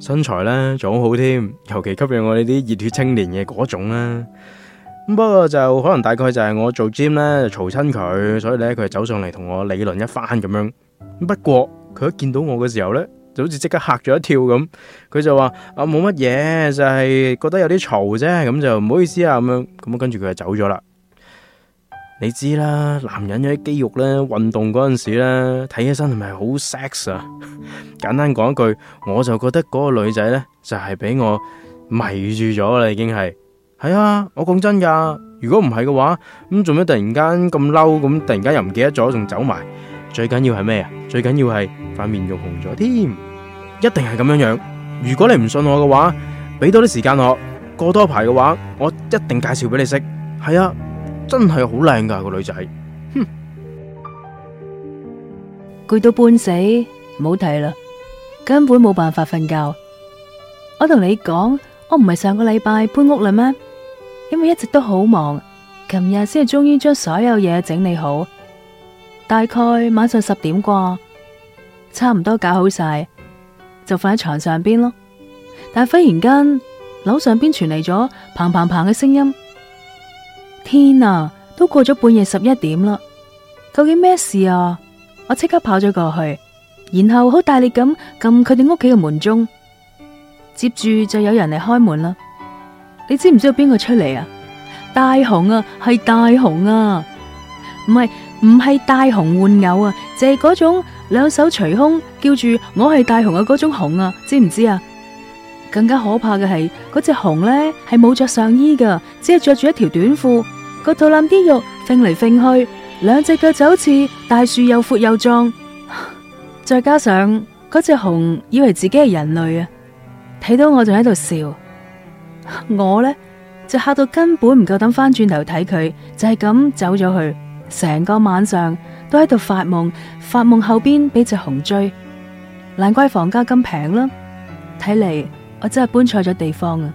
身材咧仲好添，尤其吸引我呢啲熱血青年嘅嗰種啦。咁不過就可能大概就係我做 gym 咧嘈親佢，所以咧佢就走上嚟同我理論一番咁樣。不過佢一見到我嘅時候咧，就好似即刻嚇咗一跳咁，佢就話啊，冇乜嘢，就係覺得有啲嘈啫，咁就唔好意思啊咁樣，咁跟住佢就走咗啦。你知啦，男人有啲肌肉咧，運動嗰陣時咧，睇起身係咪好 sex 啊？ 簡單講一句，我就覺得嗰個女仔咧，就係、是、俾我迷住咗啦，已經係。係啊，我講真噶，如果唔係嘅話，咁做咩突然間咁嬲，咁突然間又唔記得咗，仲走埋？最緊要係咩啊？最緊要係塊面肉紅咗添，一定係咁樣樣。如果你唔信我嘅話，俾多啲時間我，過多排嘅話，我一定介紹俾你識。係啊。真係好靚噶個女仔，哼，攰到半死，唔好提啦，根本冇辦法瞓覺。我同你講，我唔係上個禮拜搬屋啦咩？因為一直都好忙，琴日先係終於將所有嘢整理好，大概晚上十點啩，差唔多搞好晒，就瞓喺床上邊咯。但係忽然間樓上邊傳嚟咗「嘭嘭嘭」嘅聲音。天啊，都過咗半夜十一點啦！究竟咩事啊？我即刻跑咗過去，然後好大力咁撳佢哋屋企嘅門鐘，接住就有人嚟開門啦。你知唔知道邊個出嚟啊？大熊啊，係大熊啊，唔係唔係大熊玩偶啊，就係嗰種兩手捶胸叫住「我係大熊」嘅嗰種熊啊，知唔知啊？更加可怕嘅係嗰隻熊咧，係冇着上衣噶，只係着住一條短褲。個肚腩啲肉揈嚟揈去，兩隻腳就好似大樹又闊又壯，再加上嗰隻熊以為自己係人類啊，睇到我仲喺度笑，我呢，就嚇到根本唔夠膽翻轉頭睇佢，就係咁走咗去，成個晚上都喺度發夢，發夢後邊俾隻熊追，難怪房價咁平啦，睇嚟我真係搬錯咗地方啊！